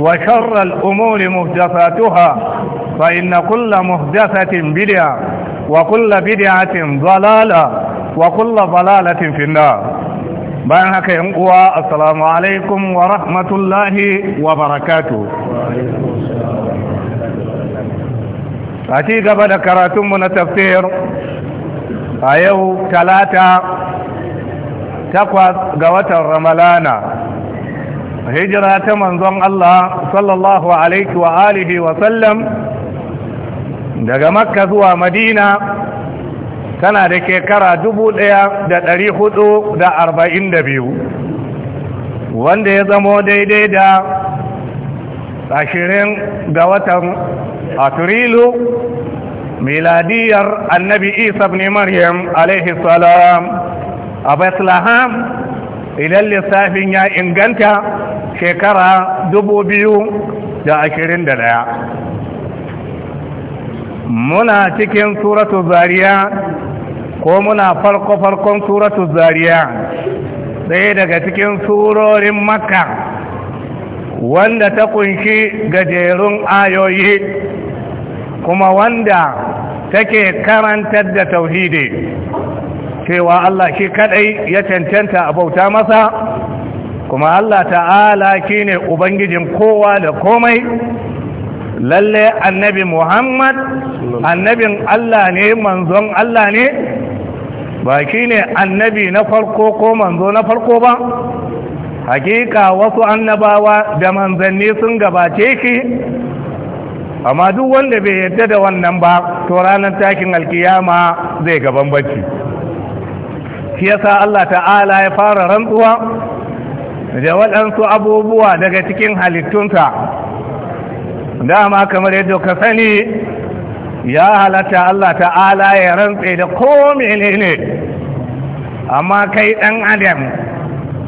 وشر الأمور مهدفاتها فإن كل مهدفة بدعة وكل بدعة ضلالة وكل ضلالة في النار bayan haka yan uwa assalamu alaikum wa rahmatullahi wa barakatu a ci gaba da karatunmu na tafsir a yau talata takwas ga watan ramalana hijira ta manzon Allah sallallahu alaihi wa alihi wa sallam daga makka zuwa madina tana da kekara biyu, wanda ya zamo daidai da ashirin ga watan afrilu miladiyar annabi isa ibn maryam alaihi salam a bethlehem idan lissafin ya inganta shekara ɗaya. muna cikin suratu zariya ko muna farko-farkon suratu zariya ɗaya daga cikin surorin makka wanda ta kunshi gajerun ayoyi kuma wanda take karantar da tauhidi cewa Allah shi kadai ya cancanta a bauta masa kuma Allah ta'ala ne ubangijin kowa da komai lalle annabi Muhammad annabin Allah ne manzon Allah ne ba ne annabi na farko ko manzo na farko ba hakika wasu annabawa da manzanni sun gabace ki amma duk wanda bai yadda da wannan ba to ranar takin alkiyama zai gaban bacci shi yasa Allah ta'ala ya fara rantsuwa da waɗansu abubuwa daga cikin halittunsa dama kamar yadda ka sani ya halatta Allah ta'ala ya rantse da ko menene amma kai ɗan adam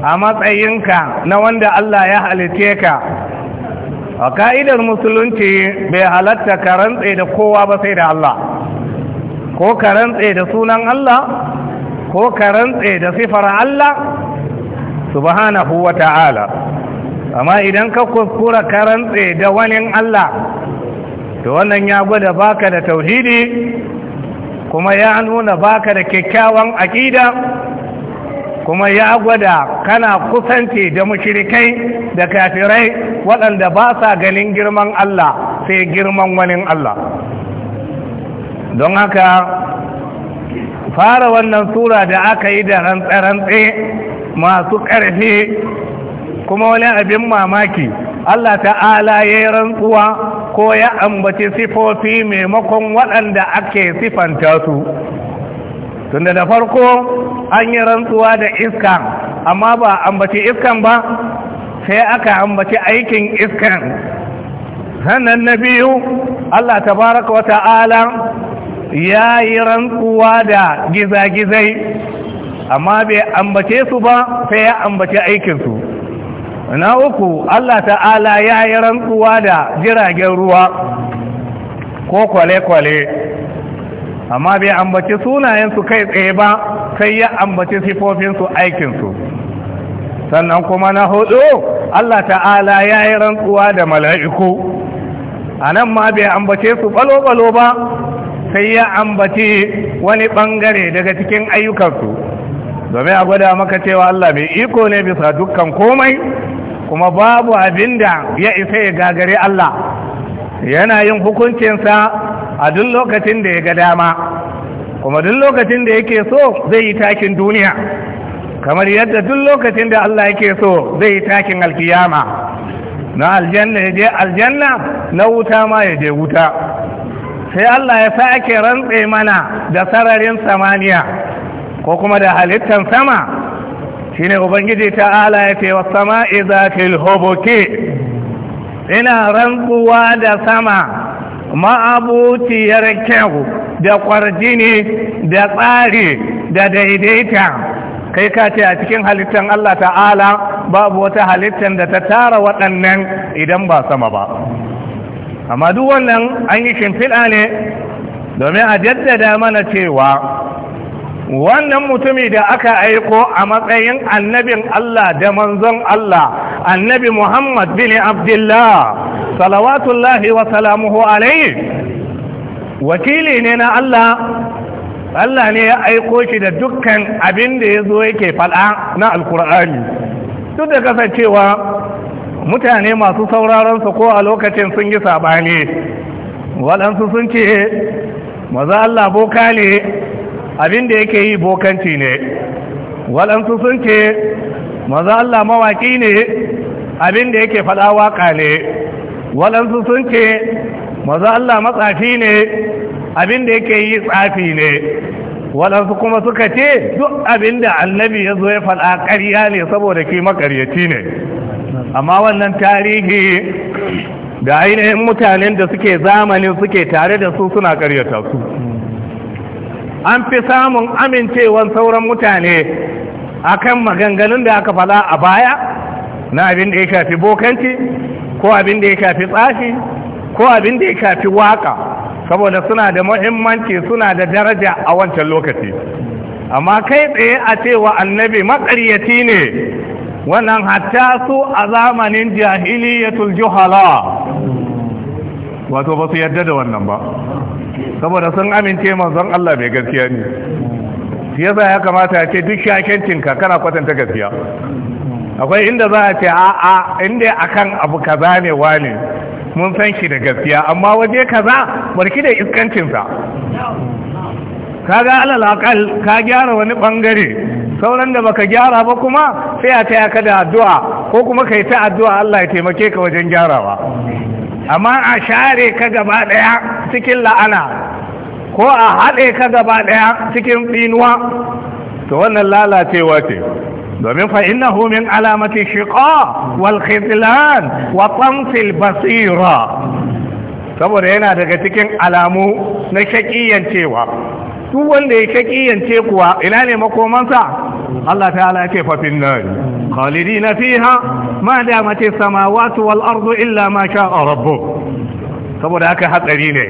a matsayinka na wanda Allah ya halitte ka a ka'idar musulunci bai halatta ka rantse da kowa ba sai da Allah ko ka rantse da sunan Allah ko ka rantse da sifar Allah subhanahu wa ta'ala amma idan ka kuskura karantse da wani Allah to wannan ya gwada baka da tauhidi kuma ya nuna baka da kyakkyawan aƙida kuma ya gwada kana kusanci da mushrikai da kafirai waɗanda ba sa ganin girman Allah sai girman wani Allah don haka fara wannan sura da aka yi da rantse-rantse masu ƙarfi kuma wani abin mamaki Allah ta'ala ya yi rantsuwa ko ya ambaci sifofi maimakon waɗanda ake sifanta su tunda da farko an yi rantsuwa da iska amma ba ambaci iskan ba sai aka ambaci aikin iskan sannan na biyu Allah tabaraka wa ta'ala ya yi rantsuwa da gizagizai amma bai ambace su ba sai ya ambace aikinsu na uku Allah ta'ala ya yi rantsuwa da jiragen ruwa ko kwale-kwale amma bai ambace sunayensu kai tsaye ba sai ya ambace sifofinsu aikinsu sannan kuma na hudu Allah ta'ala ya yi rantsuwa da mala'iku a nan ma bai ambace su balo-balo ba sai ya ambace wani bangare daga cikin ayyukansu domin a gwada maka cewa Allah mai iko ne bisa dukkan komai kuma babu abin da ya isa ya gagare Allah yana yin hukuncinsa a duk lokacin da ya ga dama kuma duk lokacin da yake so zai yi takin duniya kamar yadda duk lokacin da Allah yake so zai yi takin alkiyama na aljanna ya je aljanna na wuta ma ya je wuta sai Allah ya sake rantse mana da sararin samaniya ko kuma da halittan sama shine ubangiji ta'ala ya ce wa sama zatil hubuki ina rantsuwa da sama ma'abuciyar kyau da kwarjini da tsari da daidaita kai ka ce a cikin halittan Allah ta'ala babu wata halittan da ta tara waɗannan idan ba sama ba amma duk wannan an yi shimfiɗa ne domin a jaddada mana cewa wannan mutumi da aka aiko a matsayin annabin Allah da manzon Allah annabi Muhammad bin Abdullah salawatullahi wa salamuhu alaihi wakili ne na Allah Allah ne ya aiko shi da dukkan abin da ya zo yake faɗa na alkur'ani duk da kasancewa mutane masu sauraronsa ko a lokacin sun yi saɓani waɗansu sun ce maza Allah boka ne abin da yake yi bokanci ne waɗansu sun ce maza Allah mawaƙi ne abin da yake faɗa waƙa ne waɗansu sun ce maza Allah matsafi ne abin da yake yi tsafi ne waɗansu kuma suka ce duk abin da annabi ya zo ya faɗa ƙarya ne saboda ke makaryaci ne amma wannan tarihi da ainihin mutanen da suke zamanin suke tare da su suna ƙaryata su an fi samun amincewan sauran mutane akan maganganun da aka fada a baya na abin da ya shafi bokanci ko abin da ya shafi tsafi ko abin da ya shafi waka saboda suna da muhimmanci suna da daraja a wancan lokaci amma kai tsaye a cewa annabi makaryaci ne wannan hatta su a zamanin jahiliyatul juhala wato ba su yarda da wannan ba saboda sun amince manzon Allah bai gaskiya ne shi yasa ya kamata ya ce duk ka kana kwatanta gaskiya akwai inda za a ce a inda akan abu kaza ne wani mun san shi da gaskiya amma waje kaza barki da iskancinsa kaga alal aqal ka gyara wani bangare sauran da baka gyara ba kuma sai a taya ka da addu'a ko kuma kai ta addu'a Allah ya taimake ka wajen gyarawa amma a share ka gaba cikin la'ana ko a haɗe ka gaba cikin tsinuwa to wannan lalacewa ce domin fa innahu min alamati shiqa wal wa tamsil basira saboda yana daga cikin alamu na shaƙiyyancewa duk wanda ya shakiyance kuwa ina ne makomansa Allah ta'ala ya ce fa fin nar khalidina fiha ma damat as-samawati wal ardu illa ma sha'a rabbuk saboda haka hatsari ne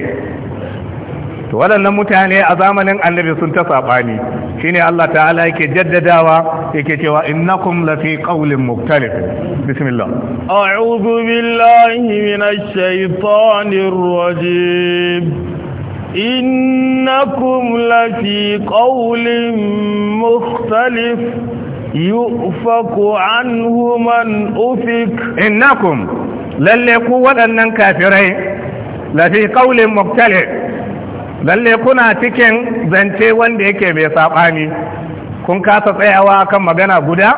to waɗannan mutane a zamanin annabi sun ta saɓani shine Allah ta'ala yake jaddadawa yake cewa innakum lafi qawlin muktalif bismillah a'udhu billahi minash shaitanir rajim إنكم لفي قول مختلف يؤفك عنه من أفك إنكم لليكو ودنن كافرين لفي قول مختلف lalle kuna cikin zance wanda yake mai saɓani kun kasa tsayawa kan magana guda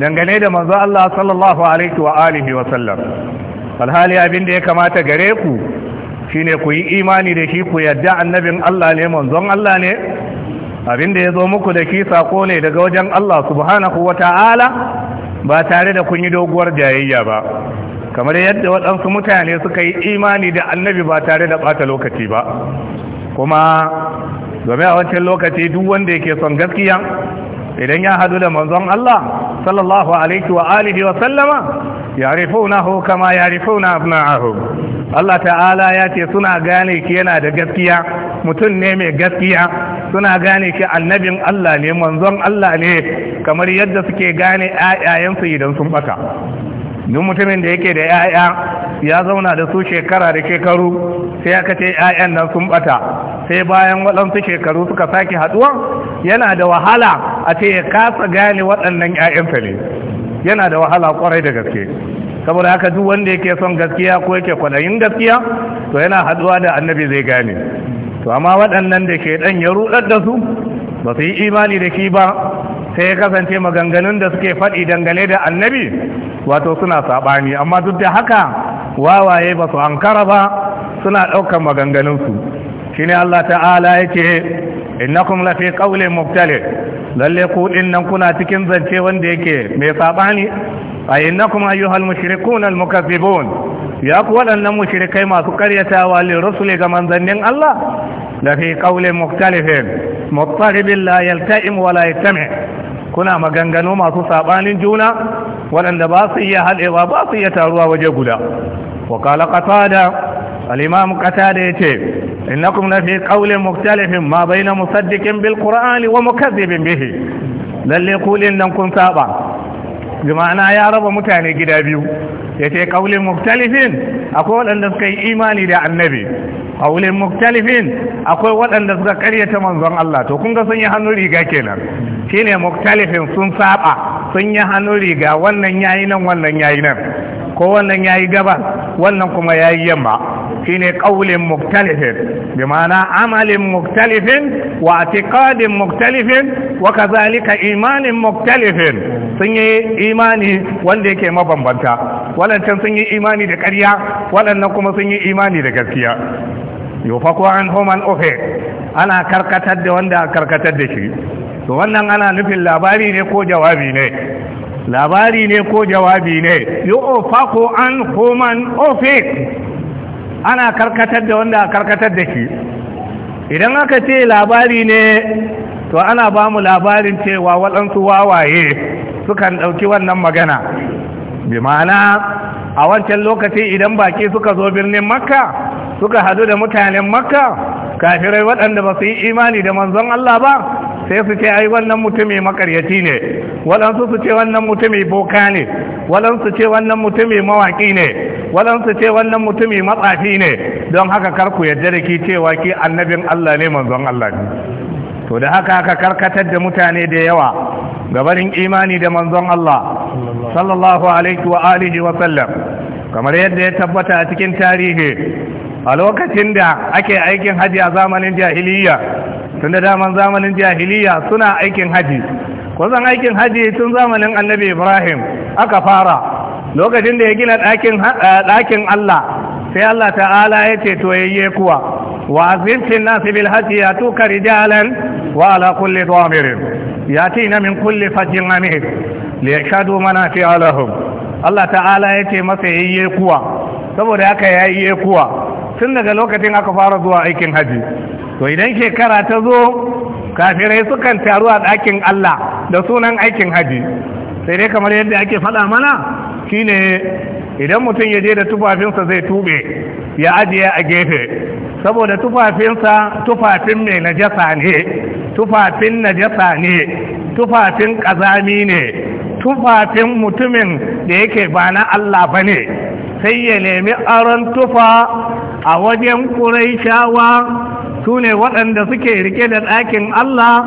dangane da manzo Allah sallallahu alaihi wa alihi wa sallam alhali abin da ya kamata gare ku shine ku yi imani da shi ku yadda annabin Allah ne manzon Allah ne Abinda ya zo muku da shi sako ne daga wajen Allah subhanahu ta'ala ba tare da kun yi doguwar jayayya ba kamar yadda waɗansu mutane suka yi imani da annabi ba tare da ɓata lokaci ba kuma game a wancan lokaci duk wanda yake son gaskiya idan ya hadu da manzon Allah sallallahu alaihi wa alihi wa sallama yarifunahu kama yarifuna abna'ahum Allah ta'ala ya ce suna gane ki yana da gaskiya mutum ne mai gaskiya suna gane ki annabin Allah ne manzon Allah ne kamar yadda suke gane ayayensu idan sun baka duk mutumin da yake da yaya ya zauna da su shekara da shekaru sai aka ce 'ya'yan nan sun bata sai bayan waɗansu shekaru suka sake haɗuwa yana da wahala a ce ya kasa gane waɗannan 'ya'yansa ne yana da wahala ƙwarai da gaske saboda haka duk wanda yake son gaskiya ko yake kwanayin gaskiya to yana haɗuwa da annabi zai gane to amma waɗannan da ke ɗan ya ruɗar da su ba su yi imani da shi ba sai ya kasance maganganun da suke faɗi dangane da annabi wato suna saɓani amma duk da haka wawaye ba su hankara ba suna ɗaukar maganganunsu shi ne Allah ta'ala ya ce innakum lafi ƙaule muftale lalle ku nan kuna cikin zance wanda yake mai saɓani a innakum ayyuhal mushrikun al mukazzibun ya ku waɗannan mushrikai masu karyatawa li rusuli ga manzannin Allah lafi ƙaule muftalifin muftalibin la yalta'im wa la kuna maganganu masu saɓanin juna waɗanda ba su iya haɗewa ba su iya taruwa waje guda wa kala qatada al-imam qatada yace innakum la fi qawlin mukhtalifin ma bayna musaddiqin bil qur'ani wa mukaththibin bihi lalle kuɗin nan kun saba jima'ana ya raba mutane gida biyu ya ce ƙaulin muktalifin akwai waɗanda suka yi imani da annabi kaulin muktalifin akwai waɗanda suka karyata manzon Allah to kun ga sun yi hannu riga kenan Shi ne muktalifin sun saba sun yi hannu riga wannan yayi nan wannan yayi nan ko wannan yayi gaba wannan kuma yayi yamma shine qaulin muktalifin bi ma'ana amalin muktalifin wa i'tiqadin muktalifin wa kazalika imanin muktalifin sun yi imani wanda yake mabambanta wadancan sun yi imani da ƙarya waɗannan kuma sun yi imani da gaskiya yufaku an homan ofe ana karkatar da wanda karkatar da shi to wannan ana nufin labari ne ko jawabi ne labari ne ko jawabi ne yufaku an homan ofe ana karkatar da wanda a karkatar da shi idan aka ce labari ne to ana ba mu labarin cewa waɗansu wawaye sukan ɗauki wannan magana bi ma'ana a wancan lokaci idan baki suka zo birnin makka suka hadu da mutanen makka kafirai waɗanda ba su yi imani da manzon Allah ba sai su ce ai wannan mutumi makaryaci ne waɗansu su ce wannan mutumi boka ne waɗansu ce wannan mutumi mawaƙi ne waɗansu ce wannan mutumi matsafi ne don haka karku yadda da ki cewa ki annabin Allah ne manzon Allah ne to da haka haka karkatar da mutane da yawa gabarin imani da manzon Allah sallallahu alaihi wa alihi wa sallam kamar yadda ya tabbata a cikin tarihi a lokacin da ake aikin haji a zamanin jahiliya tunda daman zamanin jahiliya suna aikin haji kusan aikin haji tun zamanin annabi ibrahim aka fara lokacin da ya gina eh, ɗakin Allah sai Allah ta'ala ya ce to yayye kuwa wa azimtin nasi bil hajji ya tuka rijalan wa ala kulli dhamirin yatina min kulli fajjin ya li yashhadu manafi'a lahum Allah ta'ala ya ce masa yayye kuwa saboda haka yayye kuwa tun daga lokacin aka fara zuwa aikin haji to idan shekara ta zo kafirai sukan taru a ɗakin Allah da sunan aikin haji sai dai kamar yadda ake faɗa mana shine idan mutum ya je da tufafinsa zai tube ya ajiye a gefe saboda tufafinsa tufafin mai najasa ne tufafin najasa ne tufafin kazami ne tufafin mutumin da yake ba na Allah ba ne sai ya nemi aron tufa a wajen shawa. su ne waɗanda suke rike da ɗakin Allah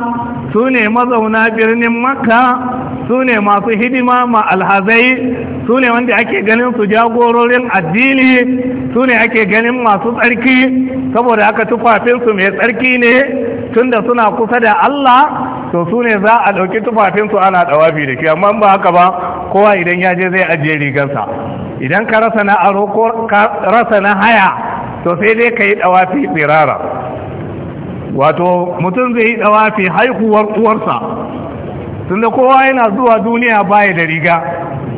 su ne mazauna birnin makka su ne masu hidima ma alhazai su ne wanda ake ganin su jagororin addini su ne ake ganin masu tsarki saboda haka tufafinsu mai tsarki ne tunda suna kusa da Allah to su ne za a ɗauki tufafinsu ana ɗawafi da shi amma ba haka ba kowa idan ya je zai ajiye rigarsa idan ka rasa na aro ko ka rasa na haya to sai dai ka yi ɗawafi tsirara wato mutum zai yi ɗawafi haihuwar uwarsa tun da kowa yana zuwa duniya baya da riga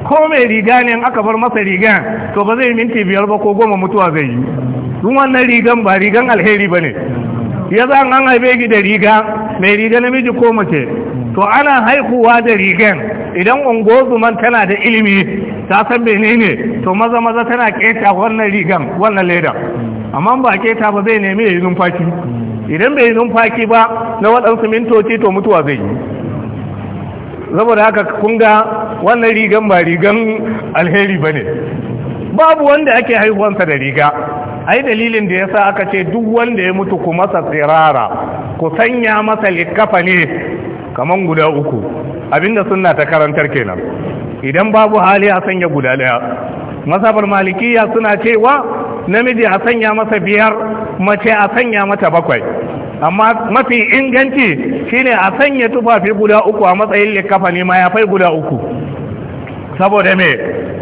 ko mai riga ne aka bar masa rigan to ba zai minti biyar ba ko goma mutuwa zai yi dun wannan rigan ba rigan alheri ba ne ya za an haife gi da riga mai riga namiji ko mace to ana haihuwa da rigan idan ungozuman tana da ilimi ta san ne, to maza maza tana keta wannan rigan wannan leda amma ba keta ba zai nemi ya yi numfashi idan bai numfaki ba na waɗansu mintoci to mutuwa zai yi saboda haka kun ga wannan rigan ba rigan alheri ba ne babu wanda ake haihuwansa da riga ai dalilin da ya sa aka ce duk wanda ya mutu ku masa tsirara ku sanya masa likafa ne kaman guda uku abinda suna ta karantar kenan idan babu hali a sanya guda daya masabar malikiya suna cewa namiji a sanya masa biyar mace a sanya mata bakwai amma mafi inganci shine a sanya tufafi guda uku a matsayin likafa ne mayafai guda uku saboda me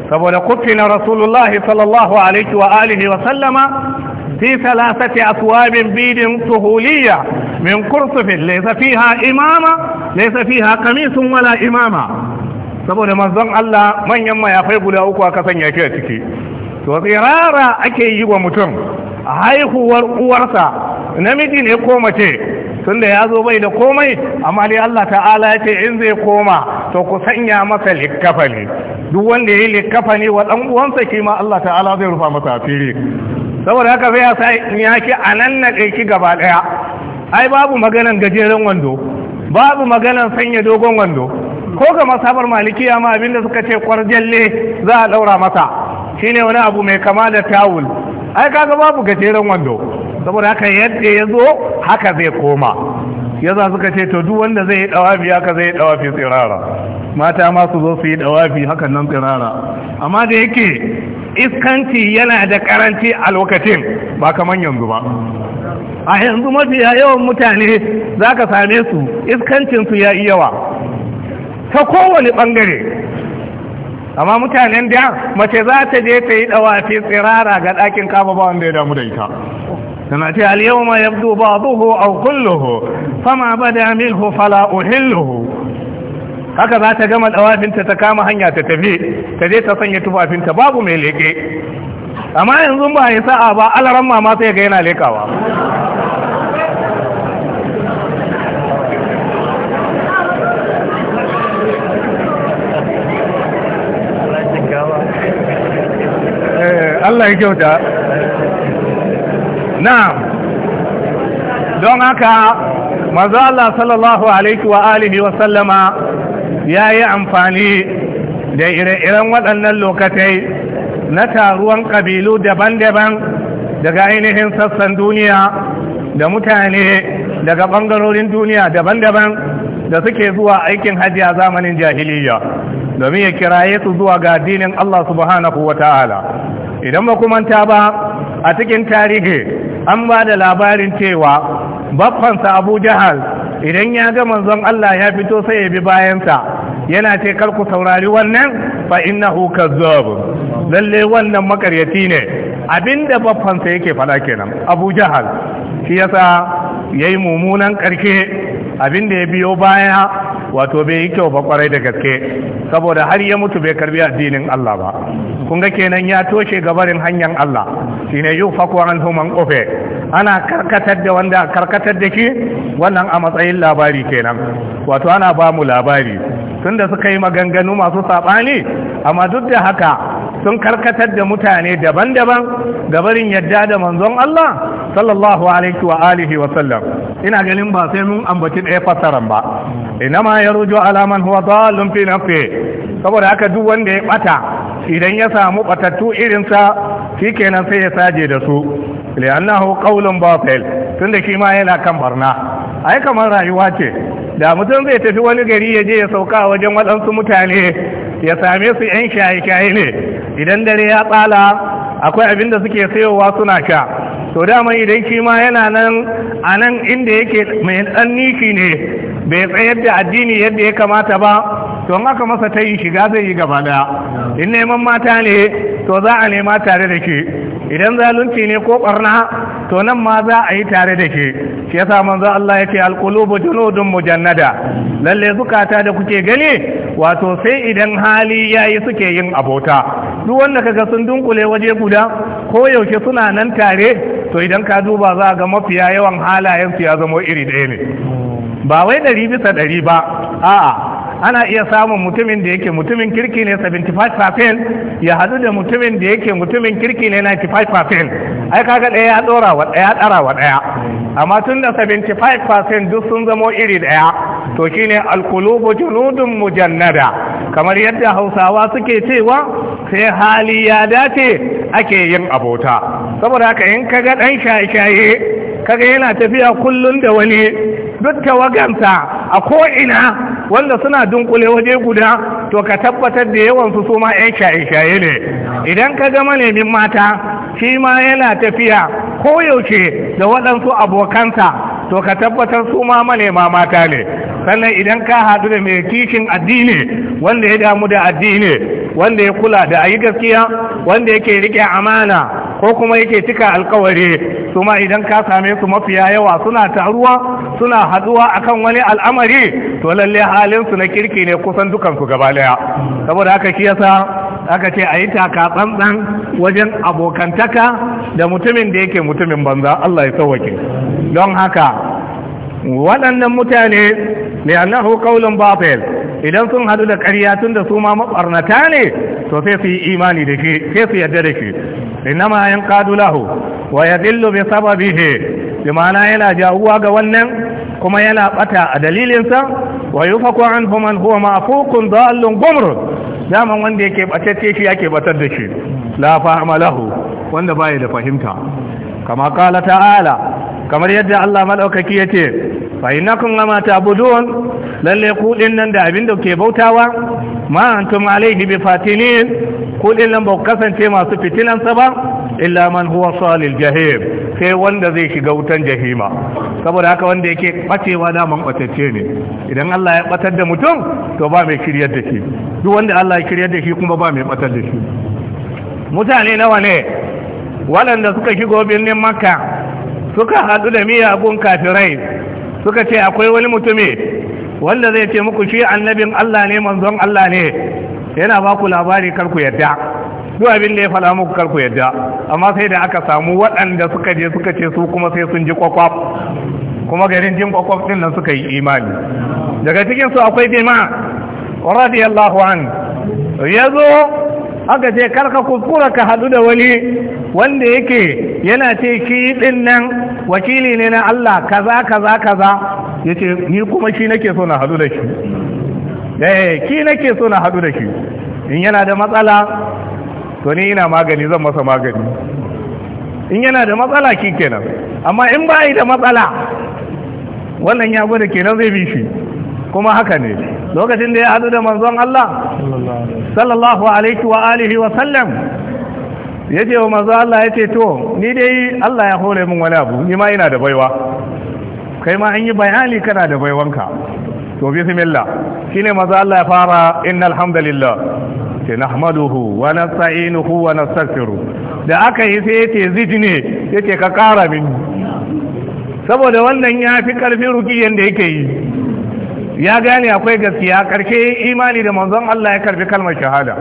saboda kufi na rasulullahi sallallahu alaihi wa alihi wa sallama fi salasati aswabin bidin suhuliya min kursufin laysa fiha imama laysa fiha qamisun wala imama saboda manzon Allah manyan mayafai guda uku aka sanya shi a ciki to tsirara ake yi wa mutum haihuwar uwarsa namiji ne ko mace tunda ya zo bai da komai amma dai Allah ta'ala ya ce in zai koma to ku sanya masa likkafani duk wanda ya yi likkafani wa dan uwansa shi ma Allah ta'ala zai rufa masa asiri saboda haka zai ya sa ya ki anan na ki gaba ɗaya. ai babu maganan gajeren wando babu maganan sanya dogon wando ko ga masabar malikiya ma abinda suka ce kwarjalle za a daura masa shine wani abu mai kama da tawul ai kaga babu gajeren wando saboda haka yadda ya zo haka zai koma za suka ce to duk wanda zai yi dawafi haka zai yi dawafi tsirara mata ma su zo su yi dawafi hakan nan tsirara amma da yake iskanci yana da karanci a lokacin ba kamar yanzu ba a yanzu mafi yawan mutane za ka same su iskancinsu ya yi yawa ta kowane ɓangare amma mutanen da mace za ta je ta yi dawafi tsirara ga ɗakin kaba ba wanda ya damu da ita tana ce al-yawma yabdu ba'dahu aw kulluhu fama bada minhu fala uhilluhu haka za ta gama dawafinta ta kama hanya ta tafi ta je ta sanya tufafinta babu mai leƙe. amma yanzu ba ya sa'a ba alaran mama sai ga yana lekawa Allah ya kyauta na don haka mazu Allah sallallahu alaihi wa alihi wa sallama ya yi amfani da ire-iren waɗannan lokatai na taruwan ƙabilu daban-daban daga ainihin sassan duniya da mutane daga ɓangarorin duniya daban-daban da suke zuwa aikin hajji a zamanin jahiliya domin ya kiraye su zuwa ga addinin Allah subhanahu wa ta'ala idan ba kumanta ba a cikin tarihi an ba da labarin cewa baffansa abu jahal idan ya ga manzon Allah ya fito sai ya bi bayansa yana ce kar ku saurari wannan fa innahu kazzab lalle wannan makaryaci ne abinda baffansa yake fada kenan abu jahal shi yasa yayi mumunan karke abinda ya biyo baya wato bai yi kyau ba kwarai da gaske saboda har ya mutu bai karbi addinin Allah ba kun ga kenan ya toshe gabarin hanyar Allah shine yufaku anhu man kofe ana karkatar da wanda karkatar da shi wannan a matsayin labari kenan wato ana ba mu labari tunda suka yi maganganu masu sabani amma duk da haka sun karkatar da mutane daban-daban gabarin yadda da manzon Allah sallallahu alaihi wa alihi wa sallam ina ganin ba sai mun ambaci ɗaya fassaran ba inama ya rujo alaman huwa dalun fi nafsi saboda haka duk wanda ya bata idan ya samu batattu irin irinsa shikenan sai ya saje da su annahu qawlun batil tunda shi ma yana kan barna ai kamar rayuwa ce da mutum zai tafi wani gari ya je ya sauka wajen waɗansu mutane ya same su yan shaye-shaye ne idan dare ya tsala akwai abinda suke sayowa suna sha to dama idan shi ma yana nan a nan inda yake mai ɗan niki ne bai tsayar da addini yadda ya kamata ba to aka masa ta yi shiga zai yi gaba daya in neman mata ne to za a nema tare da ke idan zalunci ne ko ɓarna to nan ma za a yi tare da ke shi yasa manzo Allah ya ce alqulubu junudun mujannada lalle zukata da kuke gani wato sai idan hali ya yi suke yin abota duk wanda kaga sun dunkule waje guda ko yaushe suna nan tare to idan ka duba za a ga mafiya yawan halayensu ya zamo iri ɗaya ne ba wai ɗari bisa ɗari ba a'a ana iya samun mutumin da yake mutumin kirki ne 75% ya hadu da mutumin da yake mutumin kirki ne 95% ai kaga ɗaya ya dora wa ɗaya ɗara wa ɗaya amma tun da 75% duk sun zamo iri ɗaya to shine alqulubu junudun mujannada kamar yadda hausawa suke cewa sai hali ya dace ake yin abota saboda haka in kaga ɗan shaye-shaye kaga yana tafiya kullum da wani duk tawagansa a ko'ina wanda suna dunkule waje guda to ka tabbatar da yawan su su ma shaye-shaye ne idan ka ga manemin mata shi ma yana tafiya koyaushe da waɗansu abokansa to ka tabbatar su ma manema mata ne sannan idan ka haɗu da mai kishin addini wanda ya damu da addini wanda ya kula da ayi gaskiya wanda yake riƙe amana ko kuma yake cika alkawari su ma idan ka same su mafiya yawa suna taruwa suna haduwa akan wani al'amari to lalle halin su na kirki ne kusan dukan su gaba daya saboda haka shi yasa aka ce a yi taka tsantsan wajen abokantaka da mutumin da yake mutumin banza Allah ya sauwake don haka waɗannan mutane ne annahu qaulun batil idan sun hadu da ƙarya tun da su ma mabarnata ne to sai su yi imani da ke sai su yarda da ke innama yan Kadulahu, lahu wa yadillu bi sababihi bi ma'ana yana jawuwa ga wannan kuma yana bata a dalilinsa wa yufaku anhu man huwa ma'fuqun dallun gumr daman wanda yake batacce shi yake batar da shi la fahma lahu wanda baya da fahimta kama qala ta'ala kamar yadda Allah madaukaki yace fa innakum lama ta'budun lalle kudin nan da abin da ke bautawa ma antum alayhi bi fatinin ku Kudin nan ba kasance masu fitilan sa ba illa man huwa salil jahim sai wanda zai shiga wutan jahima saboda haka wanda yake bacewa daman batacce ne idan Allah ya batar da mutum to ba mai kiryar da shi duk wanda Allah ya kiryar da shi kuma ba mai batar da shi mutane nawa ne waɗanda suka shigo birnin makka suka haɗu da miyagun kafirai suka ce akwai wani mutumi wanda zai ce muku shi annabin Allah ne manzon Allah ne yana ba ku labari kar ku yadda duk abin da ya fada muku kar ku yadda amma sai da aka samu waɗanda suka je suka ce su kuma sai sun ji kwakwaf kuma garin jin kwakwaf din nan suka yi imani daga cikin su akwai bima radiyallahu an yazo aka ce karka kuskura ka hadu da wani wanda yake yana ce ki din nan wakili ne na Allah kaza kaza kaza yace ni kuma shi nake so na hadu da shi eh ki nake so na hadu da shi in yana da matsala to ni ina magani zan masa magani in yana da matsala kenan amma in ba da matsala wannan ya gwada kenan zai bi shi kuma haka ne lokacin da ya hadu da manzon Allah sallallahu alaihi wa alihi wa sallam yace wa manzon Allah yace to ni dai Allah ya hore min wani abu ni ma ina da baiwa kai ma an yi bayani kana da baiwanka to bismillah shine manzon Allah ya fara innal hamdalillah ce nahmaduhu wa nasta'inuhu wa nastaghfiruh da aka yi sai yace zidne yace ka kara min saboda wannan ya fi karfin rukiyan da yake yi ya gane akwai gaskiya karshe imani da manzon Allah ya karbi kalmar shahada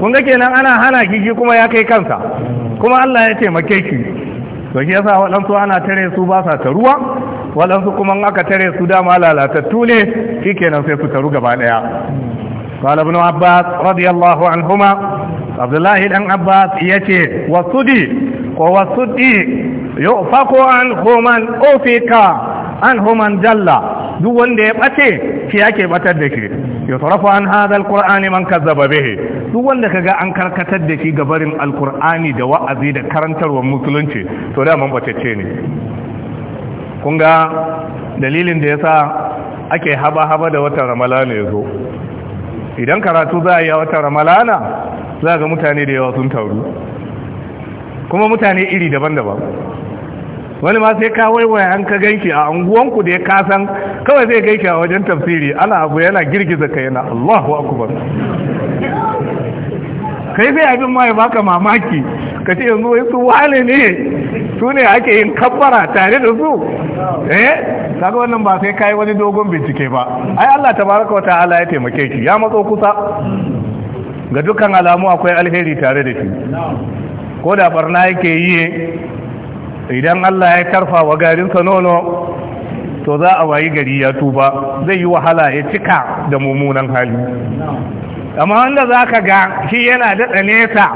kun ga kenan ana hana kiki kuma ya kai kansa kuma Allah ya taimake ki to shi yasa waɗansu ana tare su ba sa ruwa, waɗansu kuma aka tare su dama lalatattu ne shikenan sai su taru gaba ɗaya قال ابن عباس رضي الله عنهما عبد الله بن عباس يتي وصدي ووصدي يؤفق عنه من أفك جل duk wanda ya bace shi yake batar da shi ya tarafa an hada alqur'ani man kazzaba bihi duk wanda kaga an karkatar da shi gabarin alqur'ani da wa'azi da karantarwar musulunci to da man ne kun ga dalilin da yasa ake haba-haba da watan ramalana yazo idan karatu za a yi a watan ramalana za ga mutane da yawa sun taru kuma mutane iri daban-daban wani ma sai ka waiwaya an ka ganshi a unguwanku da ya kasan kawai zai ganshi a wajen tafsiri ana abu yana girgiza kai yana Allahu akbar kai sai abin ma ya baka mamaki ka ce yanzu wai su wale ne su ne ake yin kabbara tare da su eh kaga wannan ba sai ka yi wani dogon bincike ba ai Allah ta tabaraka wataala ya taimake ki ya matso kusa ga dukkan alamu akwai alheri tare da shi ko da barna yake yi idan Allah ya karfa wa garinsa nono to za a wayi gari ya tuba zai yi wahala ya cika da mummunan hali amma wanda za ka ga shi yana daɗa nesa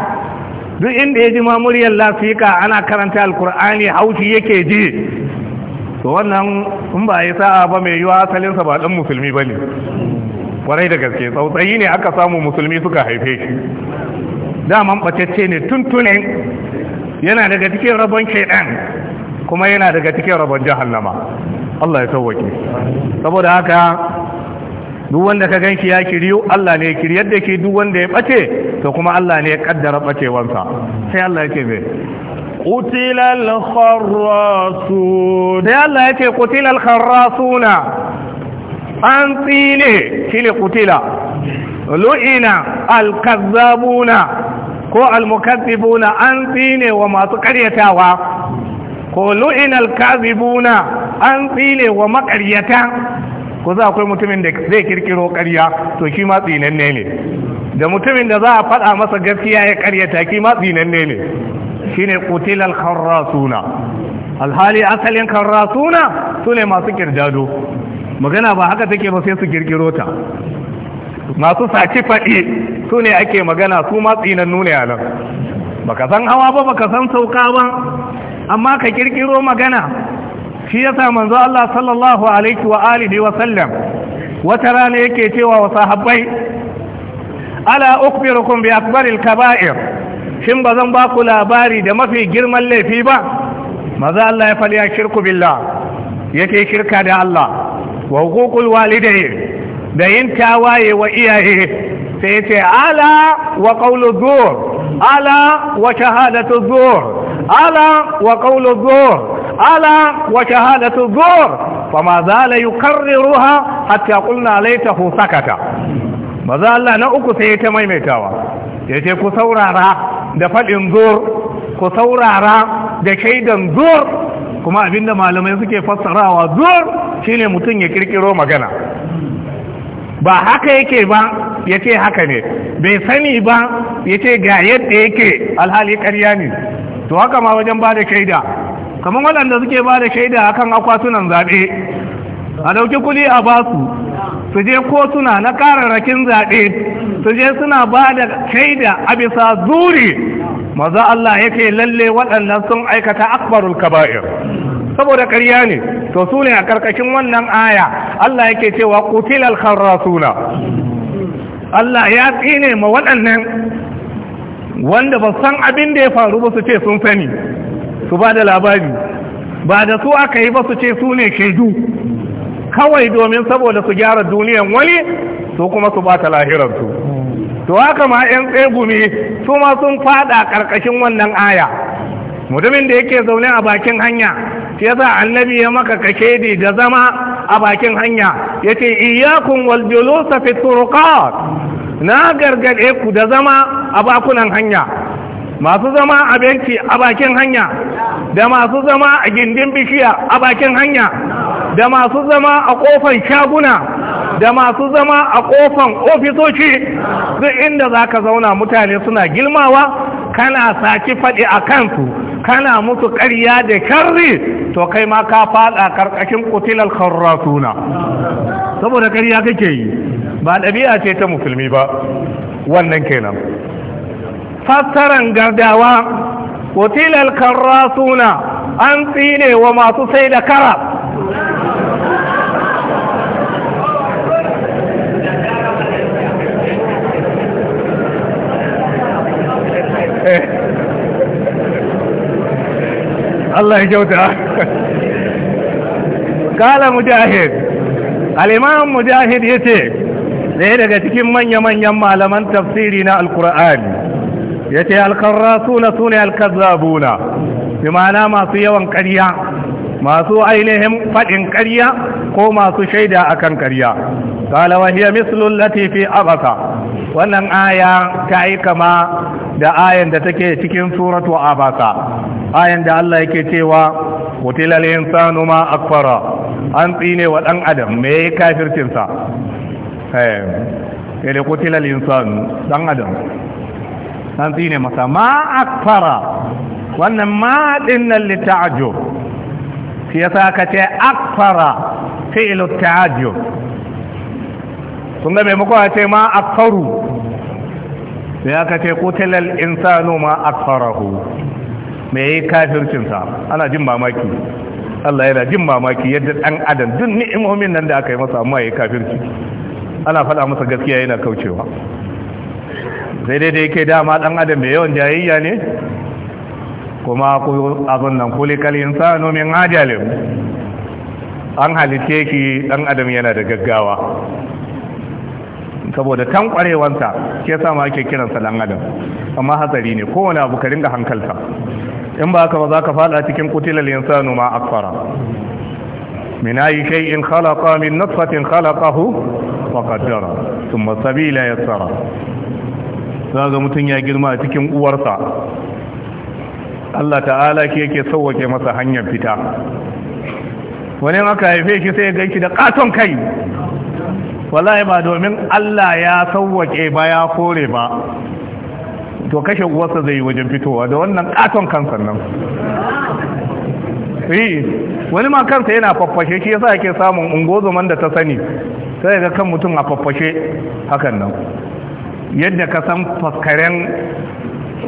duk inda ya ji muryar lafika ana karanta alkur'ani haushi yake ji to wannan in ba yi sa'a ba mai yiwa asalinsa ba ɗan musulmi ba ne ƙwarai da gaske tsautsayi ne aka samu musulmi suka haife shi daman ɓatacce ne tuntunin yana daga cikin rabon shaidan kuma yana daga cikin rabon jahannama Allah ya tawwake saboda haka duk wanda ka ganki ya kiriyo Allah ne ya kiri da ke duk wanda ya bace to kuma Allah ne ya kaddara bacewansa sai Allah ya ce me qutilal kharrasun sai Allah ya ce qutilal kharrasuna an tsine shine qutila lu'ina al-kazzabuna ko almukazzibuna an tsine wa masu karyatawa ko lu'inal kazibuna an tsine wa makaryata ko za akwai mutumin da zai kirkiro karya to shi ma tsinanne ne da mutumin da za a faɗa masa gaskiya ya karyata shi ma tsinanne ne shine qutilal kharrasuna alhali asalin kharrasuna su ne masu kirjado magana ba haka take ba sai su kirkiro ta masu saci faɗi su ne ake magana su matsi na ne a nan baka san hawa ba baka san sauka ba amma ka kirkiro magana shi yasa manzo Allah sallallahu alaihi wa alihi wa sallam wata rana yake cewa wa sahabbai ala ukhbirukum bi akbaril kaba'ir shin bazan ba ku labari da mafi girman laifi ba maza Allah ya fali ya shirku billah yake shirka da Allah wa huququl walidayni da yin tawaye wa iyaye sai ya ce ala wa ƙaunar zuwar, ala wa shahadatu zuwar, ala wa ƙaunar zuwar, ala wa shahadatu la yi karni yukarriruha hatta laita ko sakata maza Allah na uku sai ta maimaitawa ya ce ku saurara da faɗin zuwar, ku saurara da shaidan zuwar, kuma abinda malamai suke fassarawa zur shine mutum ya ƙirƙiro magana ba haka yake ba ya ce haka ne bai sani ba ya ce ga yadda yake alhali karya ne to haka ma wajen ba da shaida kamar waɗanda suke ba da shaida akan akwatunan zaɓe a ɗauki kuli a basu su je kotuna na ƙararrakin zaɓe su je suna ba da shaida a bisa zuri maza Allah yake lalle waɗannan sun aikata akbarul kaba'ir saboda ƙarya ne to sune a ƙarƙashin wannan aya Allah yake cewa qutilal kharrasuna Allah ya tsine ma waɗannan wanda ba san abin da ya faru ba su ce sun sani su ba da labari ba da su aka yi ba su ce su ne shaidu kawai domin saboda su gyara duniyan wani su kuma su bata lahirarsu to haka ma 'yan tsegumi su ma sun fada ƙarƙashin wannan aya mutumin da yake zaune a bakin hanya shi yasa annabi ya maka ne da zama a bakin hanya Ya ce, wal julusa fi turuqat na gargade ku da zama a bakunan hanya masu zama a benci a bakin hanya da masu zama a gindin bishiya a bakin hanya da masu zama a kofan shaguna da masu zama a kofan ofisoshi duk inda za ka zauna mutane suna girmawa kana saki faɗi a kansu kana musu ƙarya da karri to kai ma ka faɗa karkashin kutilal kharratuna saboda ƙarya kake yi ba ɗabi'a ce ta musulmi ba wannan kenan fassaran gardawa kutilal kharratuna an tsine wa masu sai da kara Allah ya kyauta kala mujahid al-imam mujahid yace ɗaya daga cikin manya-manyan malaman tafsiri na alkur'ani yace al-karrasuna sune al-kazzabuna bi masu yawan ƙarya masu ainihin faɗin ƙarya ko masu shaida akan ƙarya kala wa hiya mislu abasa wannan aya ta yi kama da ayan da take cikin suratu abasa ayan da Allah yake cewa qutilal insanu ma akfara an tsine wa dan adam me kafircin sa eh da qutilal insanu dan adam an tsine masa ma akfara wannan ma dinnan lita'ajjub shi yasa ka ce akfara fi'lu ta'ajjub kun ga maimakon ya ce ma akfaru to ya kace qutilal insanu ma akfarahu me yi kafircin sa ana jin mamaki Allah yana jin mamaki yadda dan adam duk ni'imomin nan da aka yi masa amma yayi kafirci ana faɗa masa gaskiya yana kaucewa sai dai da yake dama dan adam mai yawan jayayya ne kuma ku abin nan kal insanu min ajalim an halice ki dan adam yana da gaggawa saboda tankwarewansa ke sa ake kiransa dan adam amma hatsari ne kowane abu ka ringa hankalta in ba ka ba za ka fada cikin kutilal insanu ma akfara kai in khalaqa min nutfatin khalaqahu wa qaddara thumma sabila yassara zaga mutum ya girma cikin uwarsa Allah ta'ala ke yake sauwake masa hanyar fita wani aka haife shi sai ya ganki da katon kai wallahi ba domin Allah ya sauwake ba ya kore ba to kashe uwarsa zai yi wajen fitowa da wannan katon kansa nan eh, wani ma kansa yana faffashe shi yasa yake samun ungozoman da ta sani sai ga kan mutum a faffashe hakan nan yadda ka san faskaren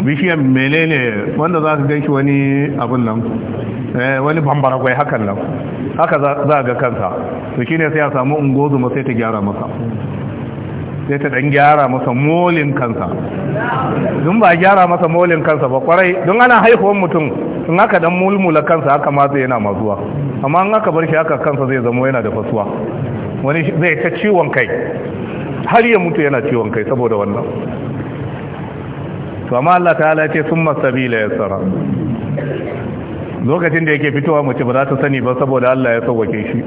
bishiyar menene wanda za ka ganshi wani abin nan eh, wani bambara kwai hakan nan haka za ga kansa shi shine sai a samu ungozuma sai ta gyara masa sai ta dan gyara masa molin kansa don ba gyara masa molin kansa ba kwarai don ana haihuwan mutum sun haka dan mulmula kansa haka ma zai yana mazuwa amma an haka bar shi haka kansa zai zama yana da fasuwa wani zai ta ciwon kai har ya mutu yana ciwon kai saboda wannan to amma Allah ta'ala ce sun masabila ya tsara lokacin da yake fitowa mace ba za ta sani ba saboda Allah ya sauwake shi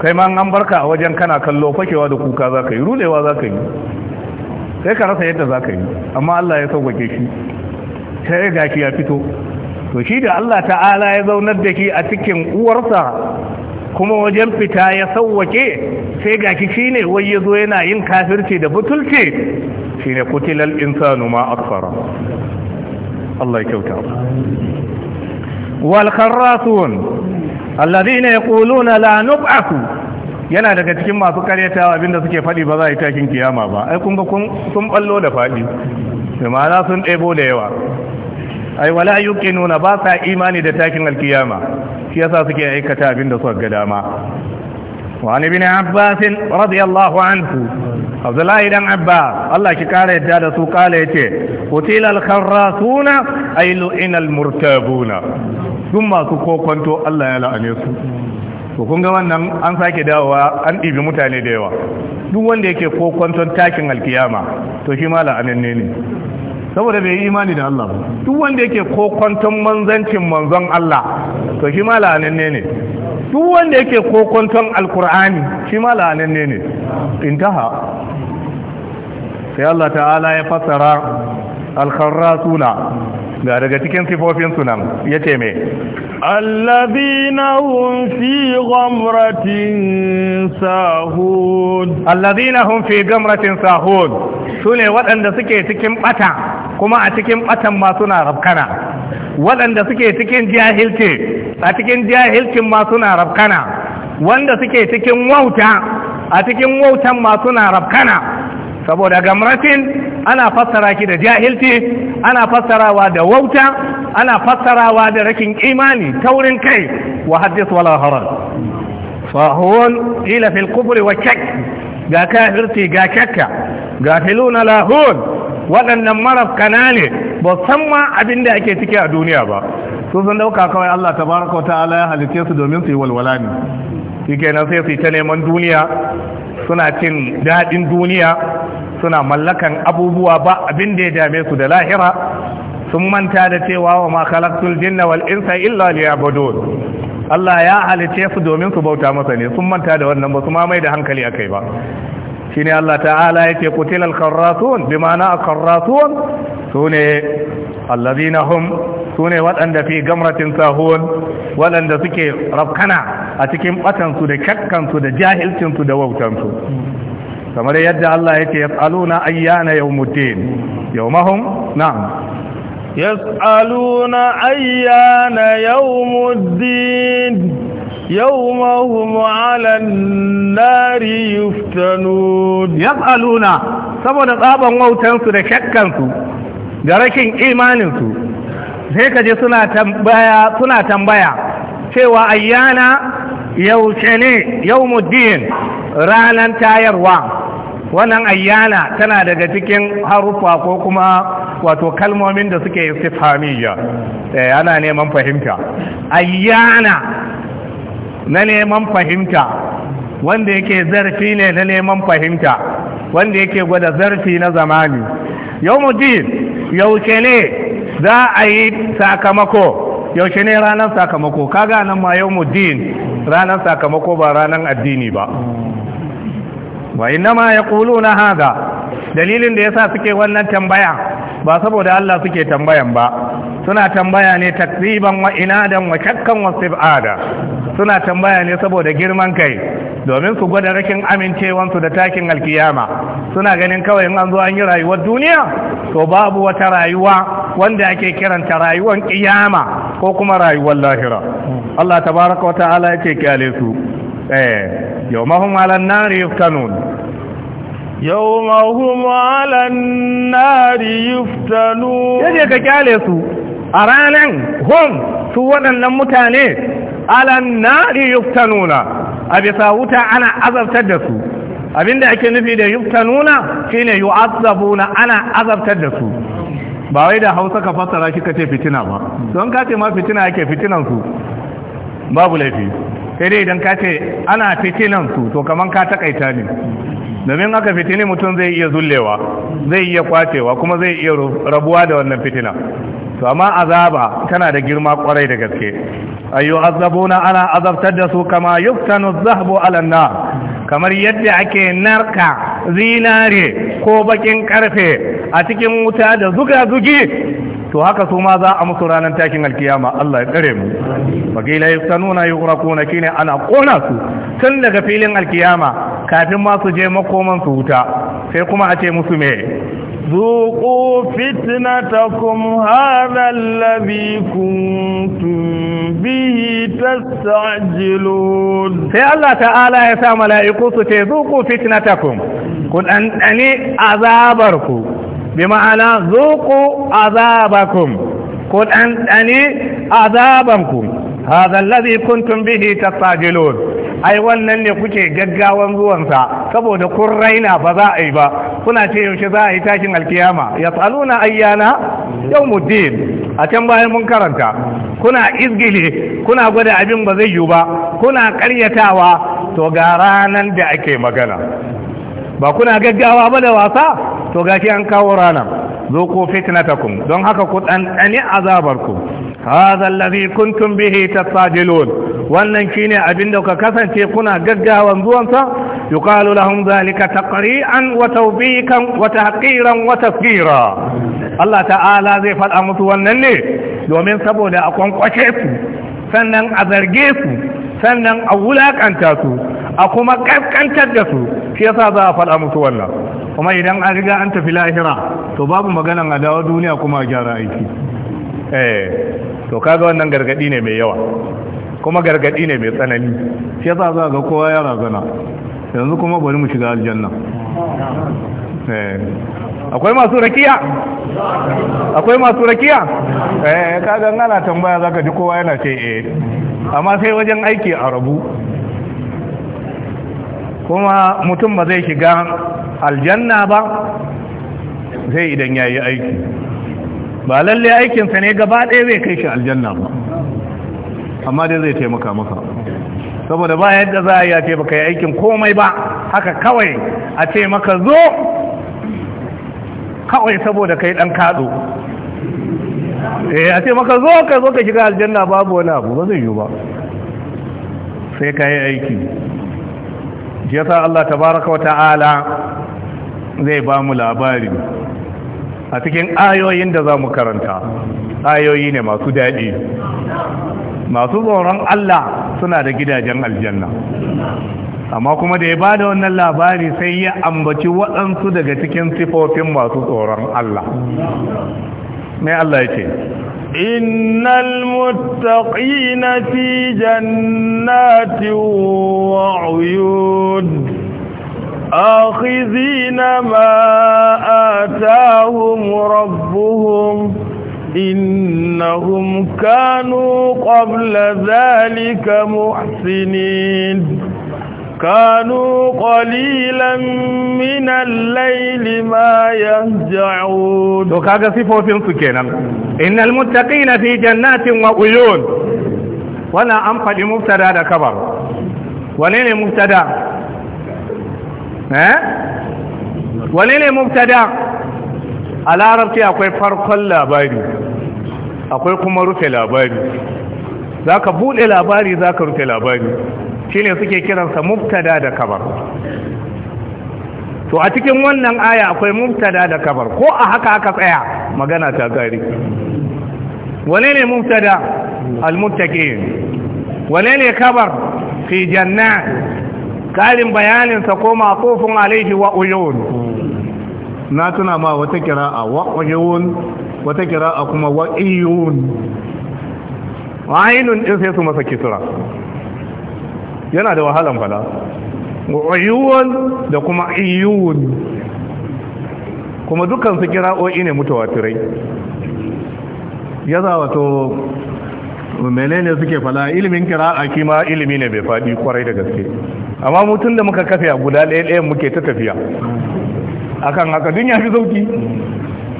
kai ma an barka a wajen kana kallo fakewa da kuka za ka yi rulewa za ka yi sai ka rasa yadda za ka yi amma Allah ya sauwake shi sai ga shi ya fito to shi da Allah ta'ala ya zaunar da shi a cikin uwarsa kuma wajen fita ya sauwake sai gashi shine wai yazo yana yin kafirci da butulci shine kutilal insanu ma akfara Allah ya kyauta wal kharrasun alladhina yaquluna la nub'athu yana daga cikin masu karyatawa abinda suke faɗi ba za a yi takin kiyama ba Aikun kun kun ballo da faɗi. da ma'ana sun ɗebo da yawa ai wala nuna ba sa imani da takin alkiyama shi yasa suke aikata abin da suka ga dama wa bin abbas radiyallahu anhu abdullahi dan abbas Allah ki kare yadda da su kale yace qutila al-kharrasuna ay lu'ina al-murtabuna dun masu kokonto Allah ya la'ane su to kun ga wannan an sake dawowa an ɗibi mutane da yawa duk wanda yake kokonton takin alkiyama to shi ma la'ananne ne saboda bai yi imani da Allah ba duk wanda yake kokonton manzancin manzon Allah to shi la'ananne ne duk wanda yake kokonton alkur'ani shi ma la'ananne ne intaha sai Allah ta'ala ya fassara alkharrasuna ga daga cikin sifofin sunan ya ce mai allazina hum fi ghamratin sahun allazina hum fi ghamratin sahun sune waɗanda suke cikin bata kuma a cikin batan ma suna rabkana waɗanda suke cikin jahilci a cikin jahilcin ma suna rabkana wanda suke cikin wauta a cikin wautan ma suna rabkana saboda gamratin ana fassara ki da jahilci ana fassarawa da wauta ana fassarawa da rakin imani taurin kai wa haddis wala haram fahon ila fil wa ga kafirci ga ga filuna lahun waɗannan maras kanane ba san ma abin da ake ciki a duniya ba su san dauka kawai Allah tabaraka ta'ala ya halitte su domin su yi walwala ne shikenan sai su ta neman duniya suna cin daɗin duniya suna mallakan abubuwa ba abin da ya dame su da lahira sun manta da cewa wa ma khalaqtul jinna wal insa illa liya'budun Allah ya halice su domin su bauta masa ne sun manta da wannan ba su ma mai da hankali akai ba shine Allah ta'ala yake qutilal kharratun bima na kharratun sune alladhina hum sune waɗanda fi gamratin sahun waɗanda suke rafkana a cikin batansu da su da su da wautansu kamar yadda Allah yake yas'aluna ayyana yawmuddin yawmahum na'am يسألون أيان يوم الدين يوم هم على النار يفتنون يسألون saboda tsaban wautansu da shakkansu da rashin imaninsu sai kaje suna tambaya suna tambaya cewa ayyana yaushe ne yawmuddin ranan tayarwa wannan ayyana tana daga cikin haruffa ko kuma wato kalmomin da suke istifhamiyya eh ana neman fahimta ayyana na neman fahimta wanda yake zarfi ne na neman fahimta wanda yake gwada zarfi na zamani yawmuddin yaushe ne za a yi sakamako yaushe ne ranar sakamako kaga nan ma yawmuddin ranar sakamako ba ranar addini ba wa kulu na haga dalilin da yasa suke wannan tambaya ba saboda Allah suke tambayan ba suna tambaya ne takriban wa inadan wa shakkan wa sibada suna tambaya ne saboda girman kai domin su gwada rakin amincewansu da takin alkiyama suna ganin kawai in an zo an yi rayuwar duniya to babu wata rayuwa wanda ake kiranta rayuwar kiyama ko kuma rayuwar lahira Allah tabaraka wa ta'ala yake kyale su يومهم على النار يفتنون يومهم على النار يفتنون yaje ka kyale su a ranan hum su waɗannan mutane ala nari yuftanuna a wuta ana azabtar da su abinda ake nufi da yuftanuna shine yu'azzabuna ana azabtar da su ba wai da Hausa ka fassara kika ce fitina ba don kace ma fitina ake fitinan su babu laifi sai dai idan ka ce ana fitinan su to kaman ka takaita ne domin aka fitini mutum zai iya zullewa zai iya kwacewa kuma zai iya rabuwa da wannan fitina to amma azaba tana da girma kwarai da gaske ayu azabuna ana azabtar da su kama yuftanu zahabu ala na kamar yadda ake narka zinare ko bakin karfe a cikin wuta da zuga zugi to haka su ma za a musu ranar takin alkiyama Allah ya tsare mu wakilai ta nuna yi kurakuna shi ne ana kona su tun daga filin alkiyama kafin masu je makoman su wuta sai kuma a ce musu mai zuku fitnatakum hadha allazi kuntum bihi tastajilun sai Allah ta'ala ya sa mala'iku su ce zuku fitnatakum kun ku dane azabarku bi ma'ana zuku azabakum ku ɗanɗani azabanku hadha allazi kuntum bihi tastajilun ai wannan ne kuke gaggawan zuwansa saboda kun raina ba za a yi ba kuna ce yaushe za a yi tashin alkiyama ya tsaluna ayyana yawmuddin a can bayan mun karanta kuna izgile kuna gwada abin ba zai yiwu ba kuna karyatawa to ga ranan da ake magana ba kuna gaggawa ba da wasa to gashi an kawo rana zo ko fitnatakum don haka ku dan dani azabarku hadha alladhi kuntum bihi tasajilun wannan shine abin da kuka kasance kuna gaggawan zuwansa? sa yuqalu lahum zalika taqri'an wata tawbikan wa tahqiran wa tasfira Allah ta'ala zai faɗa musu wannan ne domin saboda a kwankwashe su sannan a zarge su sannan a wulakanta su a kuma kaskantar da su shi yasa za a faɗa musu wannan kuma idan an riga an tafi lahira to babu maganan a dawo duniya kuma a gyara aiki eh to kaga wannan gargadi ne mai yawa kuma gargadi ne mai tsanani shi yasa za ga kowa ya razana yanzu kuma bari mu shiga aljanna eh akwai masu rakiya akwai masu rakiya eh kaga ana tambaya zaka ji kowa yana ce eh amma sai wajen aiki a rabu kuma mutum ba zai shiga aljanna ba zai idan ya yi aiki ba lalle aikinsa ne gaba ɗaya zai kai shi aljanna ba amma dai zai taimaka maka. saboda ba yadda za a yi a ce baka yi aikin komai ba haka kawai a ce maka zo kawai saboda kai ɗan kaɗo eh a ce maka zo ka zo ka shiga aljanna babu wani abu ba zai yi ba sai ka yi aiki ya yasa Allah tabaraka wa ta'ala zai ba mu labari a cikin ayoyin da za mu karanta ayoyi ne masu daɗi masu tsoron Allah suna da gidajen aljanna amma kuma da ya ba da wannan labari sai ya ambaci waɗansu daga cikin sifofin masu tsoron Allah mai Allah ya ce إن المتقين في جنات وعيون آخذين ما آتاهم ربهم إنهم كانوا قبل ذلك محسنين كانوا قليلا من الليل ما يهجعون تو كاغا صفوفين su kenan innal muttaqina fi jannatin wa uyun wana an fadi mubtada da kabar wane ne mubtada eh ne mubtada a larabci akwai farkon labari akwai kuma rufe labari ka buɗe labari zaka rufe labari Shi ne suke kiransa mubtada da kabar to a cikin wannan aya akwai mubtada da kabar ko a haka aka tsaya magana ta gari wane ne mubtada almuttaqin wane ne kabar fi janna kalin bayanin sa ko maqufun alaihi wa uyun na tuna ma wata kira'a wa uyun wata kira'a kuma wa iyun wa ainun din sai su masa kisra yana da wahalan fada uyuwan da kuma iyun kuma dukkan su o'i ne turai ya za wato menene suke fada ilimin kira a kima ilimi ne bai fadi kwarai da gaske amma mutum da muka kafiya guda ɗaya ɗayan muke ta tafiya akan haka dun ya fi sauki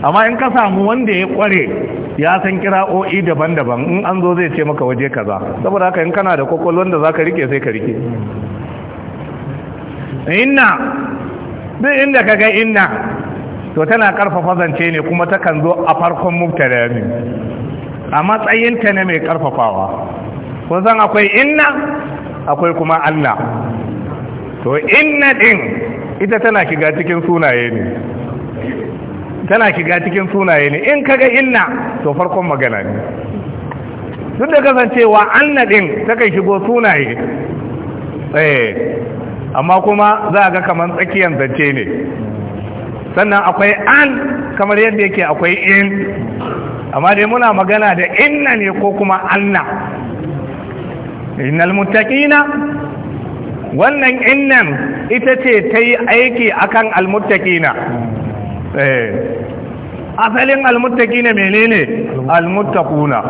amma in ka samu wanda ya kware ya san kira'o'i daban-daban in an zo zai ce maka waje kaza saboda haka in kana da kwakwalwar da za ka rike sai ka rike inna duk inda ka ga inna to tana karfafa zance ne kuma takan zo a farkon mubtada ne a matsayinta ne mai karfafawa ko zan akwai inna akwai kuma Allah to inna din ita tana shiga cikin sunaye ne tana shiga cikin sunaye ne in kaga inna to farkon magana ne duk da kasancewa anna din takan shigo sunaye eh amma kuma za a ga kamar tsakiyar zance ne sannan akwai an kamar yadda yake akwai in amma dai muna magana da inna ne ko kuma anna innal muttaqina wannan innan ita ce ta yi aiki akan almuttaqina Eh. asalin almuttaki ne menene almuttakuna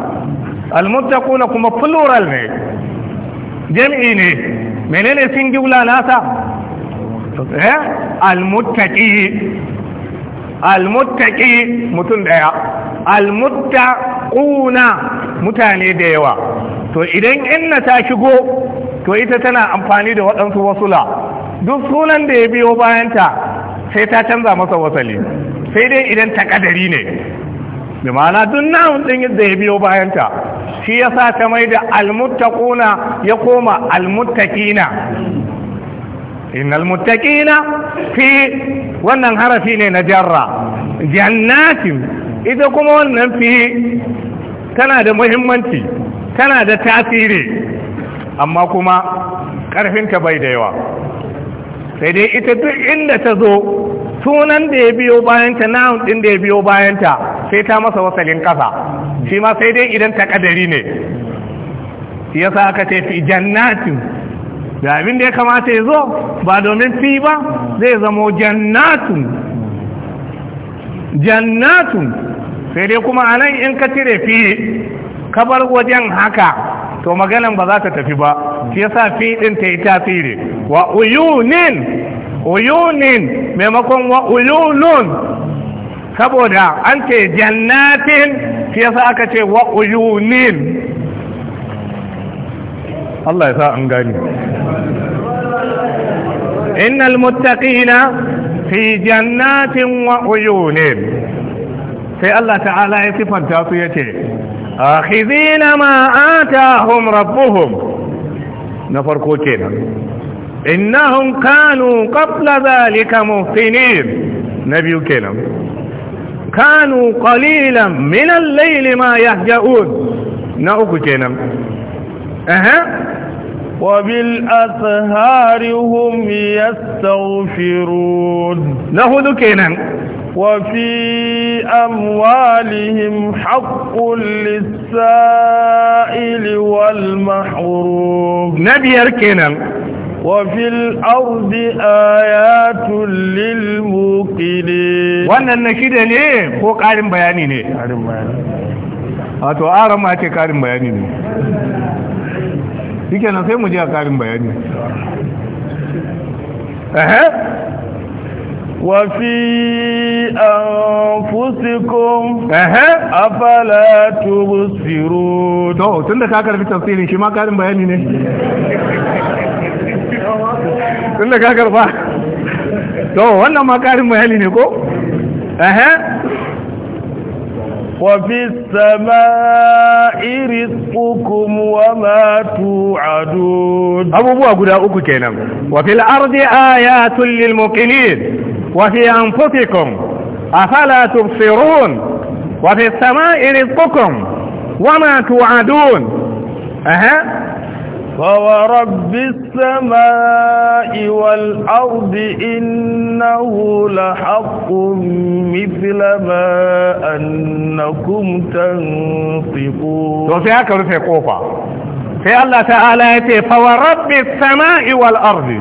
almuttakuna kuma flural ne jam'i ne menene singular nasa eh almuttaki almuttaki mutum daya almuttaquna mutane da yawa to idan inna ta shigo to ita tana amfani da waɗansu wasula duk sunan da ya biyo bayanta sai ta canza masa wasali sai dai idan ta kadari ne da ma'ana duk na'un din yadda ya biyo bayanta shi ya sa ta mai da almuttaquna ya koma almuttaqina innal muttaqina fi wannan harafi ne na jarra jannatin ita kuma wannan fi tana da muhimmanci tana da tasiri amma kuma ƙarfinta bai da yawa sai dai ita duk inda ta zo sunan da ya biyo bayanta na ɗin da ya biyo bayanta sai ta masa wasalin ƙasa shi ma sai dai idan ta kadari ne ya sa aka ce fi jannatin da abin da ya kamata ya zo ba domin fi ba zai zamo jannatin jannatin sai dai kuma anan in ka cire fi kabar wajen haka to maganan ba za ta tafi ba shi yasa fi din ta yi tasiri wa uyunin uyunin maimakon wa uyunun saboda an ce jannatin shi yasa aka ce wa uyunin Allah ya sa an gani innal muttaqina fi jannatin wa uyunin sai Allah ta'ala ya sifanta su yace ce akhizina ma atahum rabbuhum na farko kenan innahum kanu qabla zalika muhtinin na biyu kenan kanu qalilan min al-layli ma yahjaun na uku kenan aha wa bil asharihum yastaghfirun na hudu kenan وفي أموالهم حق للسائل والمحروم نبي أركينا وفي الأرض آيات للموقنين وانا النشيدة ليه هو قارن بياني ليه قارن بياني أتو آرام هاتي قارن بياني ليه شكرا سيمو جاء قارن بياني أهه وفي أنفسكم أفلا تبصرون تو تندك أكثر في تفسيري ما كارم بياني نه تندك أكثر فا تو وانا ما كان بياني نكو أها وفي السماء رزقكم وما توعدون أبو بوا قد أكو كينا وفي الأرض آيات للمقنين وفي أنفسكم أفلا تبصرون وفي السماء رزقكم وما توعدون أها فورب السماء والأرض إنه لحق مثل ما أنكم تنطقون وفي أكل في قوفة في الله تعالى يتي فورب السماء والأرض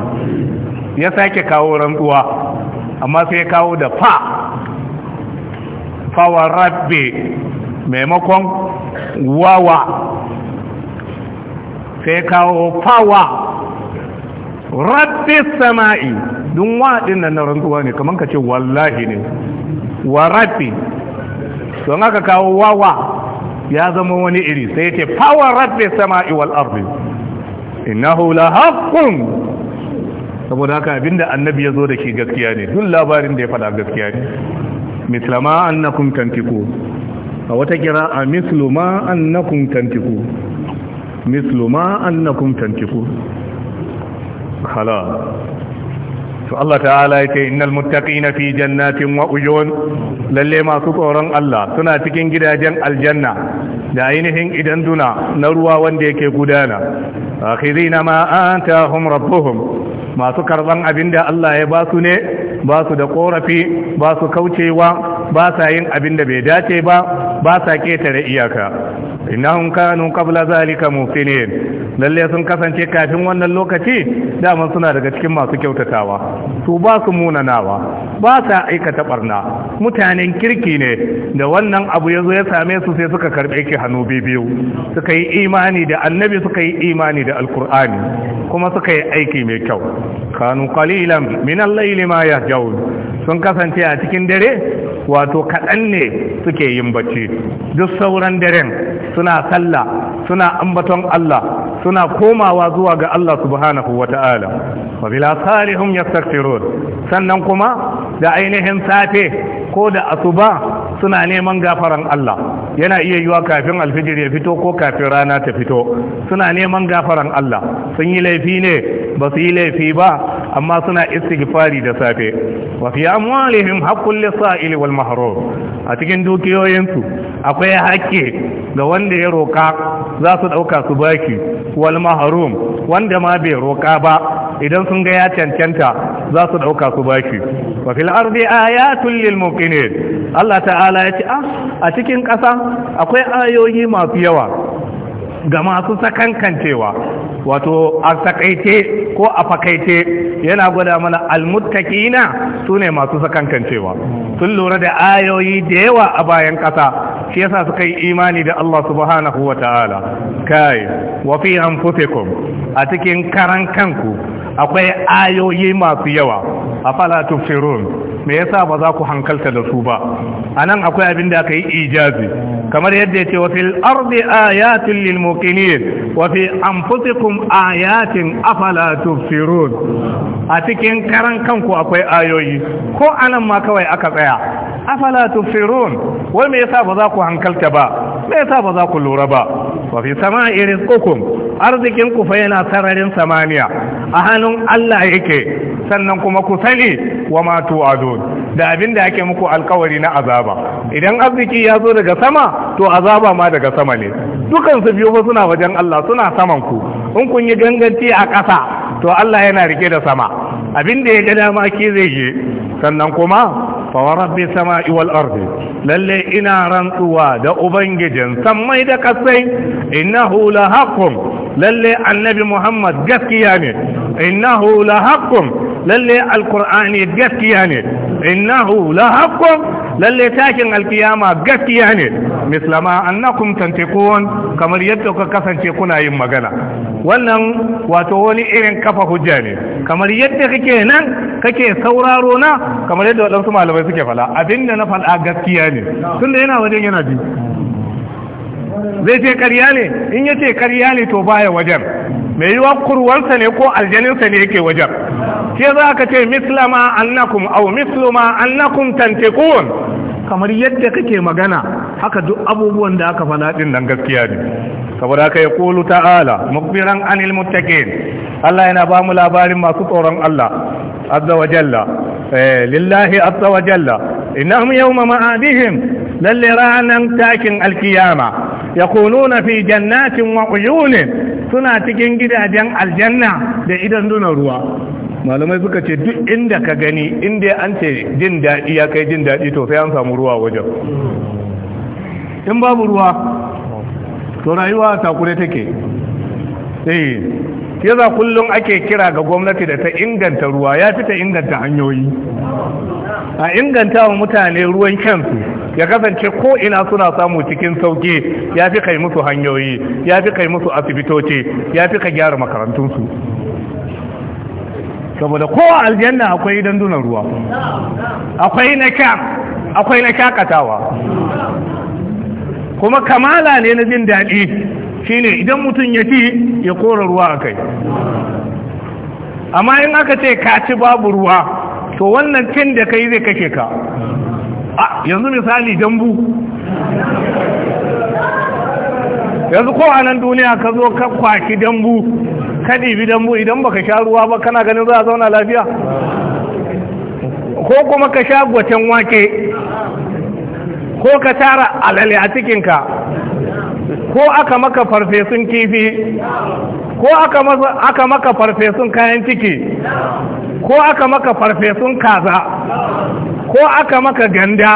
يساك كورم قوة amma sai kawo da fa fawa rabbe maimakon wawa sai kawo fawa rabbe sama'i dun waɗin nan na rantsuwa ne kamar ka ce wallahi ne wa rabbi. don aka kawo wawa ya zama wani iri sai ce fawa rabbi sama'i wal ardi innahu la haqqun saboda haka abinda annabi ya zo da shi gaskiya ne duk labarin da ya faɗa gaskiya ne mislama annakum tantiku a wata kira a misluma annakum tantiku misluma annakum tantiku halal to Allah ta'ala ya ce innal muttaqina fi jannatin wa uyun lalle masu tsoron Allah suna cikin gidajen aljanna da ainihin idan duna na ruwa wanda yake gudana akhirina ma antahum rabbuhum masu karban abinda Allah ya ba su ne ba su da korafi ba su kaucewa ba sa yin da bai dace ba ba sa ketare iyaka innahum kanu qabla zalika mufinin lalle sun kasance kafin wannan lokaci dama suna daga cikin masu kyautatawa su ba su munanawa ba sa aikata barna mutanen kirki ne da wannan abu yazo ya same su sai suka karbe ki hannu biyu suka yi imani da annabi suka yi imani da alkur'ani kuma suka yi aiki mai kyau kanu qalilan min al-layli ma yahjaw sun kasance a cikin dare wato kaɗan ne suke yin bacci duk sauran daren suna sallah suna ambaton Allah suna komawa zuwa ga Allah subhanahu wata'ala wa ya asarihum yastaghfirun sannan kuma da ainihin safe ko da asuba suna neman gafaran Allah yana iya yiwa kafin alfijir ya fito ko kafin rana ta fito suna neman gafaran Allah sun yi laifi ne ba su yi laifi ba amma suna istighfari da safe wa fi amwalihim haqqul lisa'il wal maharo. a cikin dukiyoyinsu akwai haƙƙi ga wanda ya roƙa za su ɗauka su baki wal maharum wanda ma bai roƙa ba idan sun ga ya cancanta za su ɗauka su baki wa fil ardi ayatun lil muqinin Allah ta'ala ya ce ah, a cikin ƙasa akwai ayoyi masu yawa ga masu sakankancewa wato a sakaice ko a fakaice yana gwada mana almuttakina su ne masu sakankancewa sun lura da ayoyi da yawa a bayan kasa shi yasa suka yi imani da Allah subhanahu wa ta'ala kai wa fi a cikin karan kanku akwai ayoyi masu yawa A falatun tufsirun me yasa ba za ku hankalta da su ba anan akwai abin da aka yi ijazi kamar yadda ya ce wa fil ardi muqinin wa fi anfusikum ayatin afala tufsirun a cikin karan kanku akwai ayoyi ko anan ma kawai aka tsaya afala tufsirun wai me yasa ba za ku hankalta ba me yasa ba za ku lura ba wa fi sama'i rizqukum arzikin ku fa yana sararin samaniya a hannun Allah yake sannan kuma ku sani wa ma tu'adun da abin da ake muku alkawari na azaba idan arziki ya zo daga sama to azaba ma daga sama ne dukansu biyu ba suna wajen Allah suna saman ku in kun yi ganganci a ƙasa to Allah yana rike da sama abin da ya ga dama ke zai je sannan kuma فورب السماء والارض للي انا رنتوا دا اوبنجين سمي دا كسي انه لحق للي النبي محمد جسكي يعني انه لحق للي القران جسكي يعني انه لحق lalle tashin alkiyama gaskiya ne mislama annakum tantiqun kamar yadda kuka kasance kuna yin magana wannan wato wani irin kafa hujja ne kamar yadda kake nan kake sauraro na kamar yadda waɗansu malamai suke fala abinda na fala gaskiya ne tunda yana wajen yana ji zai ce karya ne in ya ce karya ne to baya wajen mai yiwa kurwarsa ne ko aljaninsa ne yake wajen ke za ka ce mislama annakum au misluma annakum tantekun kamar yadda kake magana haka duk abubuwan da aka faɗa din nan gaskiya ne saboda haka ya kulu ta'ala mukbiran anil muttaqin Allah yana ba mu labarin masu tsoron Allah azza wa jalla eh, lillahi azza wa jalla innahum yawma ma'adihim lalle ranar takin alkiyama ya kununa fi jannatin wa suna cikin gidajen aljanna da idan nuna ruwa malamai suka ce duk inda ka gani inda an ce jin daɗi ya kai jin daɗi to sai an samu ruwa wajen in babu ruwa to rayuwa sakure take eh. Ya za kullum ake kira ga gwamnati da ta inganta ruwa ya fi ta inganta hanyoyi a inganta wa mutane ruwan kyansu ya kasance ko ina suna samu cikin sauki ya fi kai musu hanyoyi ya fi kai musu asibitoci ya fi ka gyara makarantunsu saboda kowa aljanna akwai dandunan ruwa akwai na kya akwai na kuma kamala ne na jin daɗi shine idan mutum ya ci ya kora ruwa a kai amma in aka ce ka ci babu ruwa to wannan cin da kai zai kashe ka a yanzu misali jambu yanzu ko a nan duniya ka zo ka kwaki dambu ka ɗibi dambu idan baka sha ruwa ba kana ganin za a zauna lafiya ko kuma ka sha gwacen wake ko ka tara alale a cikinka ko aka maka farfesun kifi ko aka maka farfesun kayan ciki ko aka maka farfesun kaza ko aka maka ganda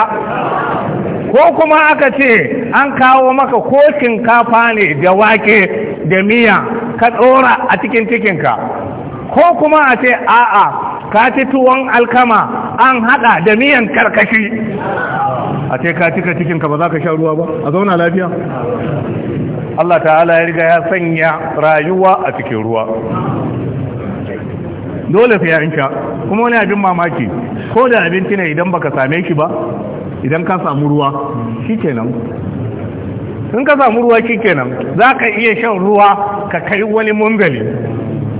ko kuma aka ce an kawo maka ko shinkafa ne da wake da miya ka tsora a cikin cikinka ko kuma a ce a'a ka ci tuwon alkama an hada da miyan karkashi a ce ka cika cikinka ba za ka sha ruwa ba a zauna lafiya Allah ta'ala ya riga ya sanya rayuwa a cikin ruwa dole sai ya sha kuma wani abin mamaki ko da abinci ne idan baka same shi ba idan ka samu ruwa shikenan in ka samu ruwa shikenan za ka iya shan ruwa ka kai wani mungali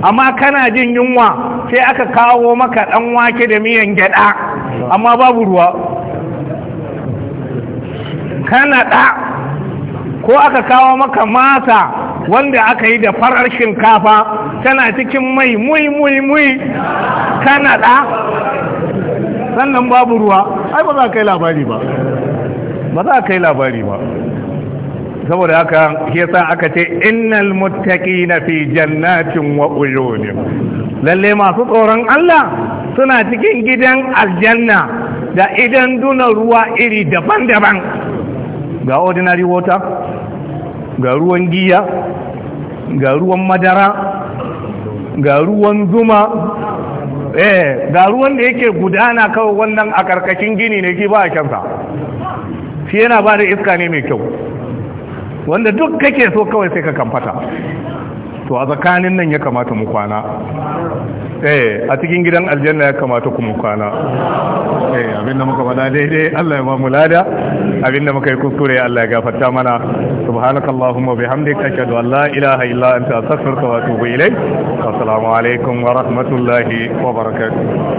amma kana jin yunwa sai aka kawo maka dan wake da miyan gyada amma babu ruwa kanada ko aka kawo maka masa wanda aka yi da farar shinkafa tana cikin mai mui mui mui kanada sannan babu ruwa ai ba za ka yi labari ba ba za ka yi labari ba saboda haka yasa aka ce innal na fi jannatin wa uyunin lalle masu tsoron Allah suna cikin gidan aljanna da idan duna ruwa iri daban-daban ga ordinary water ga ruwan giya ga ruwan madara ga ruwan zuma eh ga ruwan da yake gudana kawai wannan a karkashin gini ne ki ba a shansa shi yana ba da iska ne mai kyau wanda duk kake so kawai sai ka kamfata to a tsakanin nan ya kamata mu kwana eh a cikin gidan aljanna ya kamata ku mu kwana eh abinda muka faɗa daidai Allah ya ba mu lada abinda muka yi kuskure Allah ya gafarta mana subhanakallahumma bihamdika ashhadu an la ilaha illa anta astaghfiruka wa atubu ilaik assalamu alaikum wa rahmatullahi wa barakatuh